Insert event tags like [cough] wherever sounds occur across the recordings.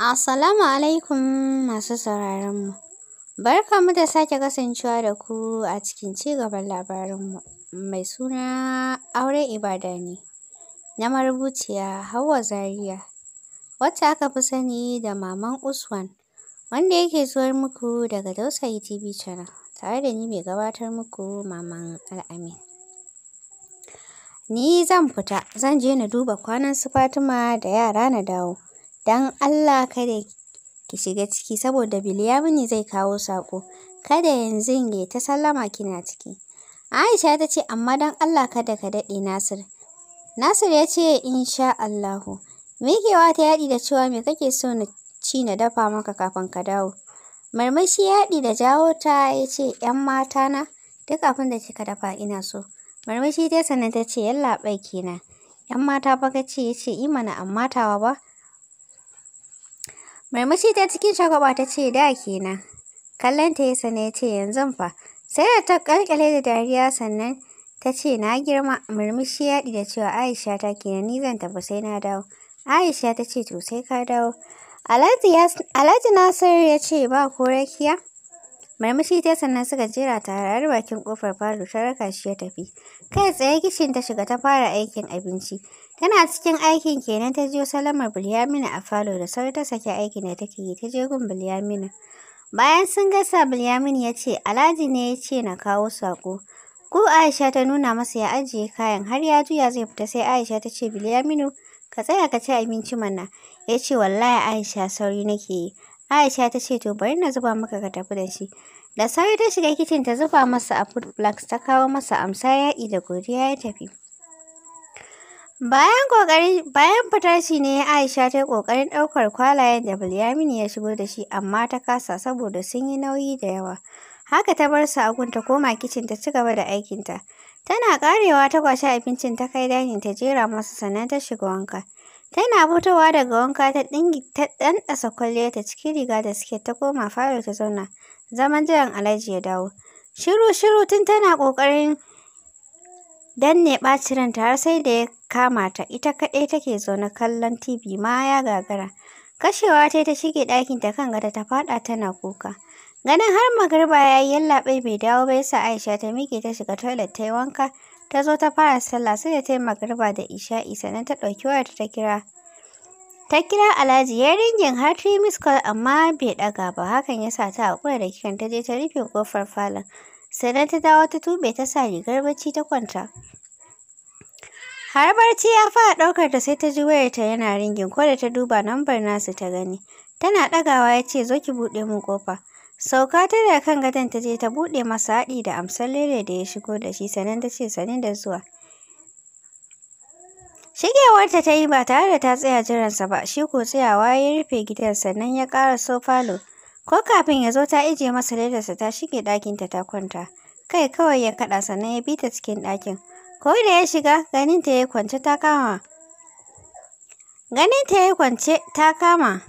Assalamu alaikum masu sauraronmu. mu da sake kasancewa da ku a cikin cigaban labarinmu mai suna aure ibada ne na marubuciya Hauwa Zaria wacce aka fi sani da Maman Usman wanda yake zuwar muku daga Dausayi TV channel tare da ni mai gabatar muku Maman Al'amin. Ni zan fita zan je na duba kwanan su Fatima da yara na dawo. don Allah kada ki shiga ciki saboda Bilyaminu zai kawo sako Kada yanzu ya ta sallama kina ciki. Aisha ta ce amma don Allah kada ka daɗe Nasir. Nasir ya ce insha Allahu. Mikewa ta yaɗi da cewa me kake so na ci na dafa maka kafin ka dawo. Marmashi yaɗi da jawo ta ya ce ‘yan mata na duk abin da kika dafa ina so. Marmashi ta sannan ta ce yallaɓai kenan. ‘Yan mata ba ka ce ya ce imana amma tawa ba. Murmushi ta cikin shagwaba ta ce da kenan. Kallon ta yasa ne ya ce yanzu fa. Sai da ta kalkale da dariya sannan ta ce na girma murmushi ya da cewa Aisha ta kenan ni zan tafi sai na dawo. Aisha ta ce to sai ka dawo. Alhaji Nasir ya ce ba ko rakiya. Marmashi ta sannan suka jira tare har bakin kofar falo ta raka shi ya tafi. Kai tsaye kishin ta shiga ta fara aikin abinci. Tana cikin aikin kenan ta jiyo salamar Bilyamina a falo da sauri ta saki aikin da take yi ta je gun Bilyamina. Bayan sun gasa Bilyaminu ya ce Alhaji ne ya ce na kawo saƙo. Ko Aisha ta nuna masa ya ajiye kayan har ya juya zai fita sai Aisha ta ce Bilyaminu ka tsaya ka ci abinci mana. Ya ce wallahi Aisha sauri nake yi. Aisha ta ce to bari na zuba maka ka tafi da shi. Da sauri ta shiga kicin ta zuba masa a food flask ta kawo masa amsa yaƙi da godiya ya tafi. Bayan kokari bayan fitar shi ne Aisha ta yi kokarin ɗaukar kwalayen da Bilyamin ya shigo da shi amma ta kasa saboda sun yi nauyi da yawa. Haka ta bar su a gun ta koma kicin ta ci gaba da aikinta. Tana karewa ta kwashe abincin ta kai dani ta jera masa sannan ta shiga wanka. Tana fitowa daga wanka ta kwalliya, ta kwalliya ta cikin riga da suke ta koma falo ta zauna. Zaman jiran Alhaji ya dawo. Shiru shiru tun tana kokarin danne ɓacin ranta har sai da ya kama ta ita kaɗai take zaune kallon TV ma ya gagara. Kashewa ta ta shige ɗakin ta kan gada ta faɗa tana kuka. Ganin har magarba yayi yi yallaɓai bai dawo ba yasa Aisha ta miƙe ta shiga toilet tayi wanka ta zo ta fara sallah sai da ta yi magariba da isha'i sannan ta ɗauki wayarta ta kira ta kira alhaji ya ringin har ta yi amma bai ɗaga ba hakan ya sa ta haƙura da kiran ta je ta rufe ƙofar falon sannan ta dawo ta tube ta sa rigar bacci ta kwanta har barci ya fara ɗaukar ta sai ta ji wayarta yana ringin ko da ta duba lambar nasu ta gani tana ɗagawa ya ce zo ki buɗe min ƙofa Sauka ta daga kan gadon ta je ta buɗe masa haɗi da amsar Lele da ya shigo da shi sannan ta ce sanin da zuwa. Shigewarta ta yi ba tare da ta tsaya jiransa ba, shi ko tsayawa ya rufe gidan sannan ya ƙara so falo. Ko kafin ya zo ta ije masa ledarsa ta shige ɗakinta ta kwanta. Kai kawai ya kaɗa sannan ya bi ta cikin ɗakin. Ko da ya shiga ganinta ya kwance ta kama. Ganinta ya kwance ta kama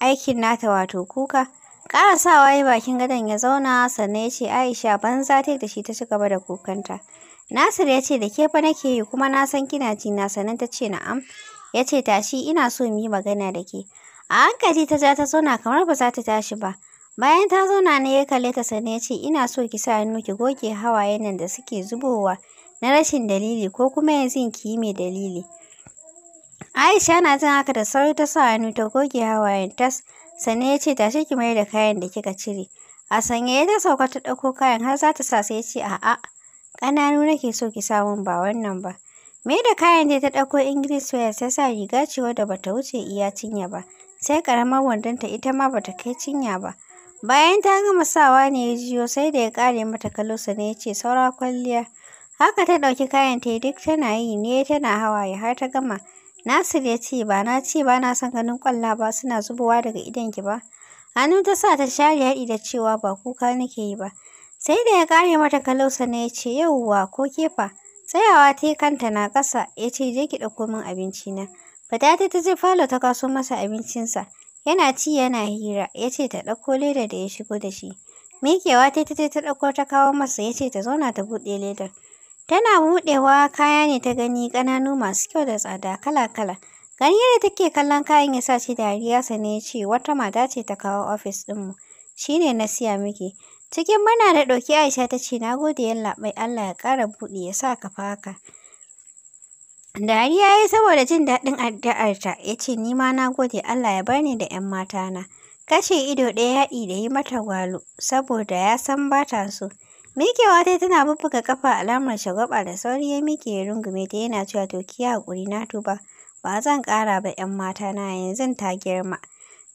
aikin nata wato kuka. Ƙarasawa ya bakin gadon ya zauna sannan ya ce Aisha banza ta da shi ta ci gaba da kukanta. Nasir ya ce da ke fa nake yi kuma na san kina ji na sannan ta ce na'am. Ya ce tashi ina so mu yi magana da ke. A hankali ta ja ta zauna kamar ba za ta tashi ba. Bayan ta zauna ne ya kalle ta sannan ya ce ina so ki sa hannu ki goge hawayen nan da suke zubowa na rashin dalili ko kuma yanzu ki yi mai dalili. Aisha na jin haka da sauri ta sa hannu ta goge hawayen tas. sannan ya ce tashi ki mayar da kayan da kika cire a sanye ta sauka ta ɗauko kayan har za ta sa sai ya ce a'a ƙananu nake so ki samun ba wannan ba me da kayan da ta ɗauko ingilis waya sai sa riga ce wadda bata wuce iya cinya ba sai ƙaramar ta ita ma bata kai cinya ba bayan ta gama sawa ne ya jiyo sai da ya ƙare mata kallo sannan ya ce saura kwalliya haka ta ɗauki kayan ta duk tana yi ne tana hawaye har ta gama Nasir ya ce ba na ce ba na son ganin kwalla ba suna zubowa daga idonki ba. Hannu ta sa ta share haɗi da cewa ba kuka nake yi ba. Sai da ya kare mata kalausa na ya ce yauwa ko kefa. Tsayawa ta yi kanta na ƙasa ya ce je ki ɗauko min abinci na. Fata ta je falo ta kaso masa abincinsa. Yana ci yana hira ya ce ta ɗauko leda da ya shigo da shi. Mikewa ta ta je ta ɗauko ta kawo masa ya ce ta zauna ta buɗe ledar. Tana buɗewa kaya ne ta gani ƙananu masu kyau da tsada kala-kala. Gani yadda take kallon kayan ya sa shi dariya sane ya ce wata mata ce ta kawo ofis ɗinmu. Shi ne na siya miki. Cikin muna da ɗauki Aisha ta ce na gode yallaɓai Allah ya ƙara buɗe, ya sa ka faka Dariya ya yi saboda jin daɗin addu'arta ya ce ni ma na gode Allah ya bar ni da ‘yan matana. Kashe ido ɗaya yaɗi da yi mata gwalo saboda ya san ba ta so. Mikewa ta tana bubbuga kafa alamar shagwaba da sauri ya mike ya rungume ta yana cewa to ki hakuri na tuba ba zan kara ba 'yan mata na yanzu ta girma.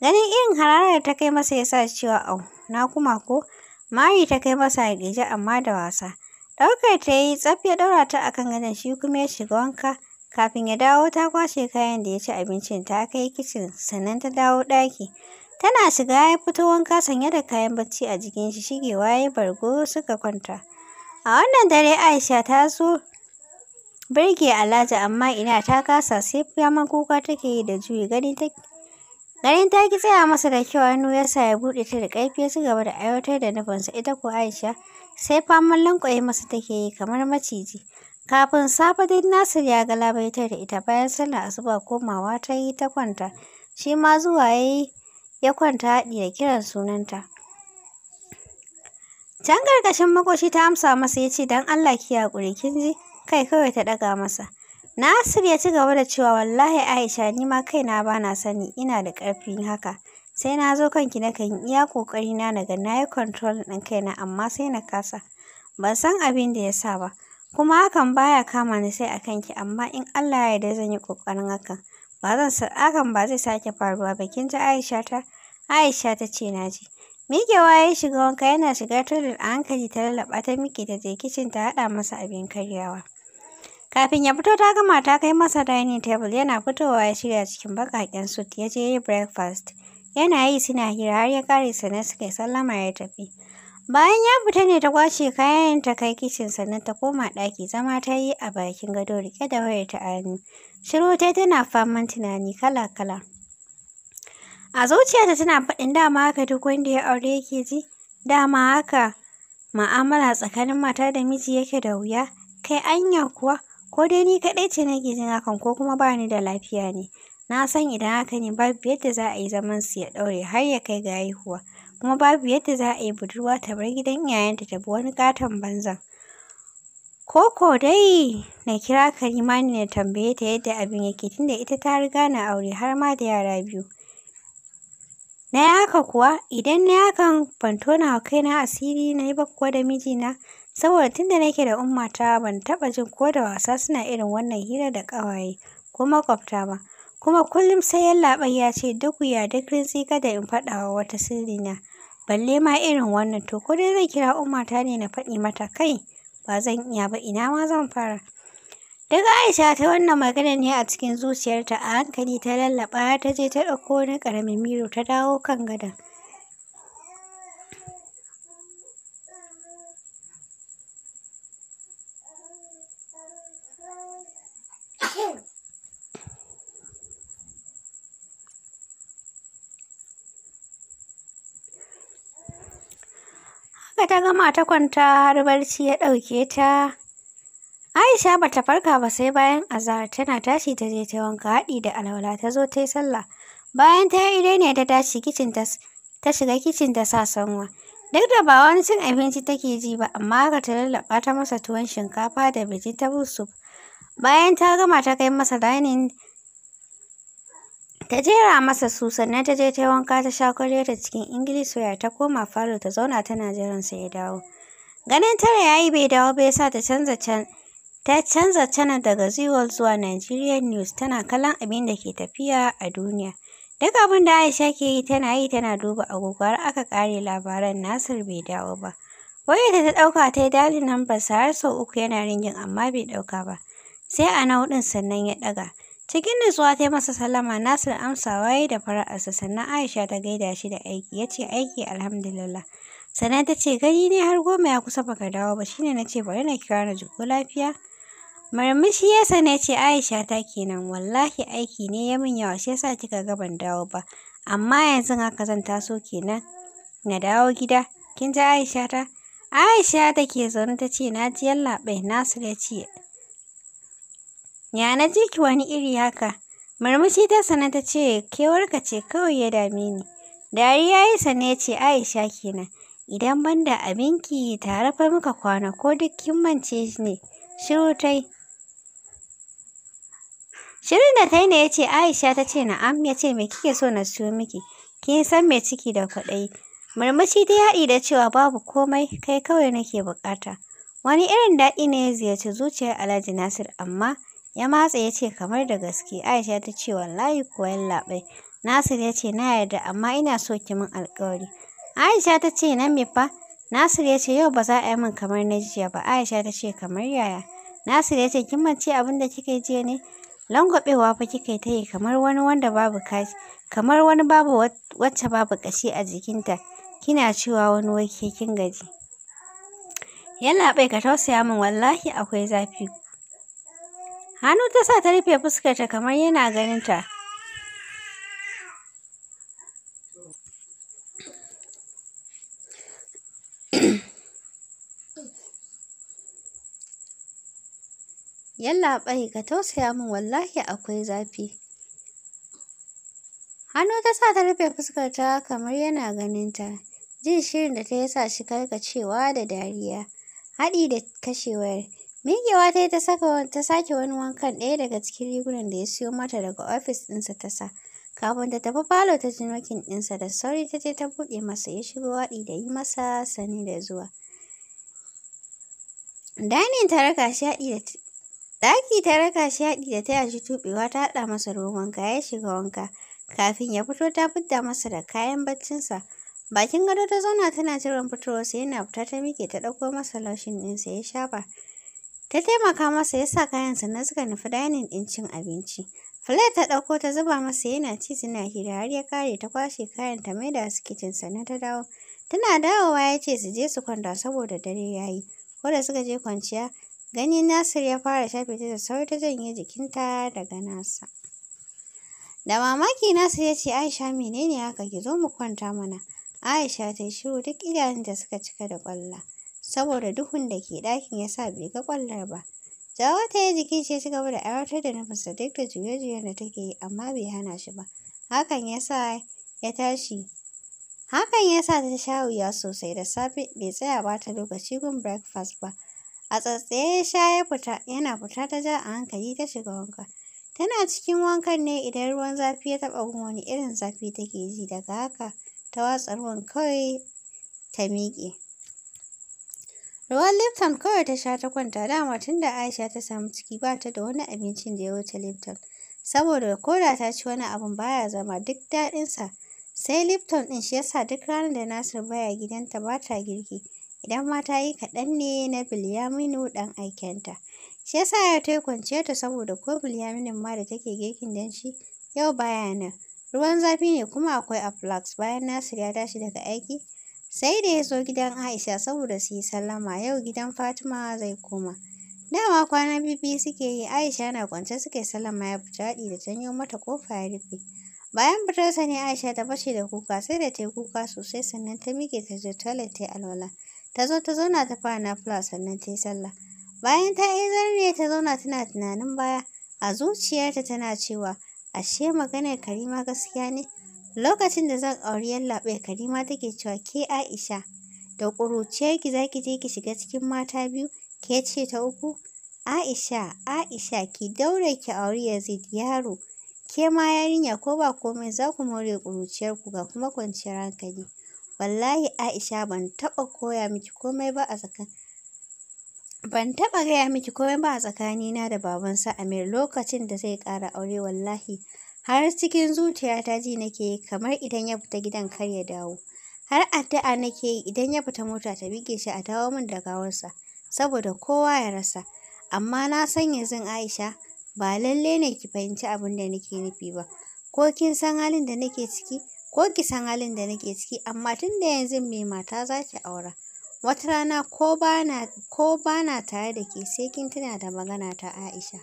Ganin irin hararar ta kai masa ya sa cewa au na kuma ko Mari ta kai masa a gije amma da wasa. Ɗaukar ta yi tsaf ya ɗaura ta akan gadon shi kuma ya shiga wanka. Kafin ya dawo ta kwashe kayan da ya ci abincin ta kai kicin sannan ta dawo daki. Tana shiga ya fito wanka sanye da kayan bacci a jikin shi shigewa ya bargo suka kwanta. A wannan dare Aisha ta zo birge Alhaji amma ina ta kasa sai fama kuka take yi da juyi gani ta Ganin ta ki tsaya masa da kyau hannu ya sa ya buɗe ta da kaifi ya ci gaba da aiwatar da nufinsa ita ko Aisha sai faman lankwaye masa take yi kamar maciji. Kafin safe dai Nasir ya galabaitar da ita bayan sallar asuba komawa ta yi ta kwanta. Shi ma zuwa ya yi ya kwanta haɗi da kiran sunanta. Can ƙarƙashin makoshi ta amsa masa ya ce don Allah ki haƙuri kin ji kai kawai ta ɗaga masa. Nasir ya ci gaba da cewa wallahi Aisha ni ma kaina ba na sani ina da ƙarfin haka. Sai na zo kanki na kan iya ƙoƙari na daga na yi control ɗin kaina amma sai na kasa. Ban san abin da ya sa ba. Kuma hakan baya kama ni sai a kanki amma in Allah ya yarda zan yi ƙoƙarin hakan. ba zan sa hakan ba zai sake faruwa ba kin ji Aisha ta Aisha ta ce na ji Mikewa ya shiga wanka yana shigar toilet a hankali ta lallaɓa ta miƙe ta je kicin ta haɗa masa abin karyawa. Kafin ya fito ta gama ta kai masa dining table yana fitowa ya shirya cikin baƙaƙen suit ya je yi breakfast. Yana yi suna hira har ya kare su suka yi sallama ya tafi. Bayan ya fita ne ta kwace kayan ta kai kicin sannan ta koma ɗaki zama ta yi a bakin gado rike da wayar ta hannu. Shiru ta tana faman tunani kala-kala. A zuciyarta tana faɗin dama haka duk wanda ya aure yake ji, dama haka ma'amala tsakanin mata da miji yake da wuya, kai anya kuwa ko dai ni kaɗai ce na jin hakan ko kuma bani da lafiya ne. Na san idan haka ne babu yadda za a yi zaman su ya ɗaure har ya kai ga haihuwa. kuma babu yadda za a yi budurwa ta bar gidan iyayenta ta bi wani katon banzan. Koko dai na kira Karima ne na tambaye ta yadda abin yake tunda ita ta riga na aure har ma da yara biyu. Na yi haka kuwa idan na hakan ban tona wa kaina asiri na yi ba kuwa da mijina saboda tunda nake da ummata ban taɓa jin ko da wasa suna irin wannan hira da ƙawaye ko maƙwabta ba. Kuma kullum sai Yallaɓai ya ce duk wuya duk rintsi kada in faɗawa wata sirrina, balle ma irin wannan to ko dai zai kira umarta ne na faɗi mata kai ba zan iya ba ina ma zan fara. Daga Aisha ta wannan magana ne a cikin zuciyarta a hankali ta lallaɓa ta je ta ɗauko wani ƙaramin miro ta dawo kan gadon. Haka ta gama ta kwanta har barci ya ɗauke ta. Aisha ba ta farka ba sai bayan azahar tana tashi ta je ta wanka haɗi da alwala ta zo ta yi sallah. Bayan ta yi ne ta tashi kicin ta shiga kicin ta sa sanwa. Duk da ba wani cin abinci take ji ba amma haka ta lallaɓa ta masa tuwon shinkafa da biji ta busuf. Bayan ta gama ta kai masa dining ta jera masa su sannan ta je ta yi wanka ta sha kwalliya cikin English waya ta koma falo ta zauna tana jiran sa ya dawo. Ganin tara ya yi bai dawo bai sa ta canza can ta canza cana daga Zeewol zuwa Nigerian News tana kallon abin da ke tafiya a duniya. Duk abin da Aisha ke yi tana yi tana duba agogo aka kare labaran Nasir bai dawo ba. Wayar da ta ɗauka ta yi dalin sa har sau uku yana ringin amma bai ɗauka ba. Sai a na hudun sannan ya ɗaga. Cikin nutsuwa ta yi masa sallama Nasir amsa, waye da fara'arsa sannan Aisha ta gaida shi da aiki ya ce aiki alhamdulillah. Sannan ta ce gani ne har goma ya kusa baka dawo ba shine na ce bari na kira na jiko lafiya. Marmishi ya sane ce Aisha ta kenan wallahi aiki ne ya min yawa shi yasa kika ga ban dawo ba amma yanzu haka zan taso kenan na dawo gida kin ji Aisha ta. Aisha take zaune ta ce na ji yallaɓai Nasir ya ce Ya na ji ki wani iri haka? Murmushi ta sana ta ce, kewarka ce kawai ya dame ni. Dariya ya sane ce Aisha kenan. Idan ban da abinki tare fa muka kwana ko duk kin mance ne. Shiru tai. Shirin da ta yi ne ya ce Aisha ta ce na'am ya ce me kike so na siyo miki. Kin san me ciki da kwaɗayi. Murmushi ta yaɗi da cewa babu komai kai kawai nake buƙata. Wani irin daɗi ne ya ziyarci zuciyar Alhaji Nasir amma Ya matsa ya ce kamar da gaske, Aisha ta ce wallahi ko labai Nasir ya ce na yarda amma ina so ki min alƙawari. Aisha ta ce na me fa? Nasir ya ce yau ba za a yi min kamar na jiya ba. Aisha ta ce kamar yaya? Nasir ya ce kin mance abin da kika jiya ne? langwabewa fa kika yi ta yi kamar wani wanda babu kashi, kamar wani babu wacce babu kashi a jikinta. Kina cewa wani wai kin gaji. Yallaɓai ka tausaya min wallahi akwai zafi Hannu ta sa ta rufe fuskarta kamar yana ganinta. [coughs] Yallaɓai ka tausaya min wallahi akwai zafi. Hannu ta sa ta rufe fuskarta kamar yana ganin ta Jin shirin da ta yasa shi karkacewa da dariya. Haɗi da kashewar Mikewa ta yi ta saka ta sake wani wankan ɗaya daga cikin rigunan da ya siyo mata daga ofis ɗinsa ta sa. Kafin ta tafi falo ta ji nokin ɗinsa da sauri ta je ta buɗe masa ya shigo waɗi da yi masa sani da zuwa. Danin ta raka shi haɗi da ɗaki ta raka shi haɗi da taya shi tuɓewa ta haɗa masa ruwan wanka ya shiga wanka. Kafin ya fito ta fidda masa da kayan baccinsa. Bakin gado ta zauna tana jiran fitowarsa yana fita ta miƙe ta ɗauko masa laushin ɗinsa ya shafa. Ta taimaka masa ya sa kayan na suka nufi dainin ɗin cin abinci. Filet ta ɗauko ta zuba masa yana ci suna hira har ya kare ta kwashe kayan ta maida su kicin sannan ta dawo. Tana dawowa ya ce su je su kwanta saboda dare ya yi. Ko da suka je kwanciya, ganin Nasir ya fara shafe ta da sauri ta janye jikinta daga nasa. Da mamaki Nasir ya ce Aisha menene haka ki zo mu kwanta mana. Aisha ta yi shiru duk idanun da suka cika da ƙwalla. saboda duhun da ke ɗakin ya sa bai ga ƙwallar ba. Jawo ta yi jikin shi ya ci gaba da aiwatar da nufinsa duk da juye-juyen da take yi amma bai hana shi ba. Hakan ya sa ya tashi. Hakan ya sa ta sha wuya sosai da safe bai tsaya ba ta lokaci gun breakfast ba. A tsatsaye ya sha ya fita yana fita ta ja a hankali ta shiga wanka. Tana cikin wankan ne idan ruwan zafi ya taɓa gun wani irin zafi take ji daga haka ta watsa ruwan kawai ta miƙe. Ruwan Lipton kawai ta sha ta kwanta dama tun da Aisha ta samu ciki ba ta da wani abincin da ya wuce Lipton. Saboda koda ta ci wani abun baya zama duk daɗinsa. Sai Lipton ɗin shi yasa duk ranar da Nasir baya gidanta ba ta girki. Idan ma ta yi kaɗan ne na Bilyaminu ɗan aikenta. Shi yasa ya ta yi kwanciyar ta saboda ko Bilyaminin ma da take girkin don shi yau baya nan. Ruwan zafi ne kuma akwai a flask bayan Nasir ya tashi daga aiki. Sai da ya zo gidan Aisha saboda su yi sallama yau gidan Fatima zai koma. Dama kwana bibi suke yi Aisha na kwance suke sallama ya fita haɗi da janyo mata kofa ya rufe. Bayan fitarsa ne Aisha ta bace da kuka sai da ta yi kuka sosai sannan ta miƙe ta je toilet ta yi alwala. Ta zo ta zauna ta fara fula sannan ta yi sallah. Bayan ta yi zarne ta zauna tana tunanin baya a zuciyarta tana cewa ashe maganar Karima gaskiya ne Lokacin da zan auri yallaɓe Karima take cewa ke Aisha, da ƙuruciyarki za ki je ki shiga cikin mata biyu, ke ce ta uku? Aisha, Aisha ki daure ki auri Yazid yaro, ke ma yarinya ko ba komai za ku more ƙuruciyarku ga kuma kwanciyar hankali. Wallahi Aisha ban taɓa koya miki komai ba a Ban taɓa gaya miki komai ba a tsakanina da babansa Amir lokacin da zai ƙara aure wallahi. har cikin zuciya ta ji nake kamar idan ya fita gidan kar ya dawo har addu'a nake yi idan ya fita mota ta bige shi a dawo min da gawarsa saboda kowa ya rasa amma na san yanzu Aisha ba lalle ne ki fahimci abin da nake nufi ba ko kin san halin da nake ciki ko ki san halin da nake ciki amma tun da yanzu mai mata za ki aura wata rana ko bana ko tare da ke sai kin tuna da magana ta Aisha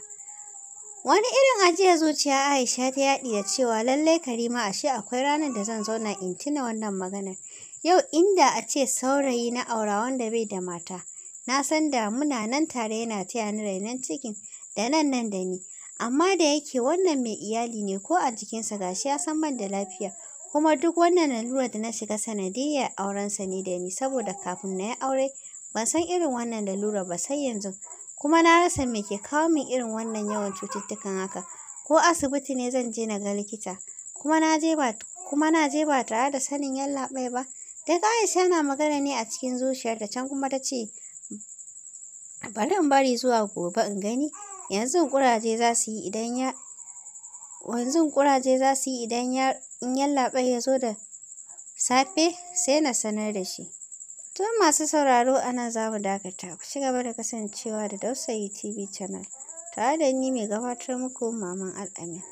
Wani irin ajiya zuciya Aisha ta yaɗi da cewa lallai Karima ashe akwai ranar da zan zauna in tuna wannan maganar. Yau inda a ce saurayi na aura wanda bai da mata, na san da muna nan tare yana taya ni rainon cikin da nan nan da ni. Amma da yake wannan mai iyali ne ko a jikinsa gashi ya san ban da lafiya, kuma duk wannan lalura da na shiga sanadiyyar aurensa ne da ni saboda kafin na yi aure ban san irin wannan lalura ba sai yanzu. kuma na rasa me ke kawo min irin wannan yawan cututtukan haka ko asibiti ne zan je na ga likita kuma na je ba kuma na je ba tare da sanin yallaɓai ba daga Aisha na magana ne a cikin zuciyar da can kuma ta ce bari in bari zuwa gobe in gani yanzu kuraje za su yi idan ya in yallaɓai ya zo da safe sai na sanar da shi To masu sauraro a nan za mu dakata. Ku ci gaba da kasancewa da Dausayi TV Channel. Tare da ni mai gabatar muku Maman Al'amin.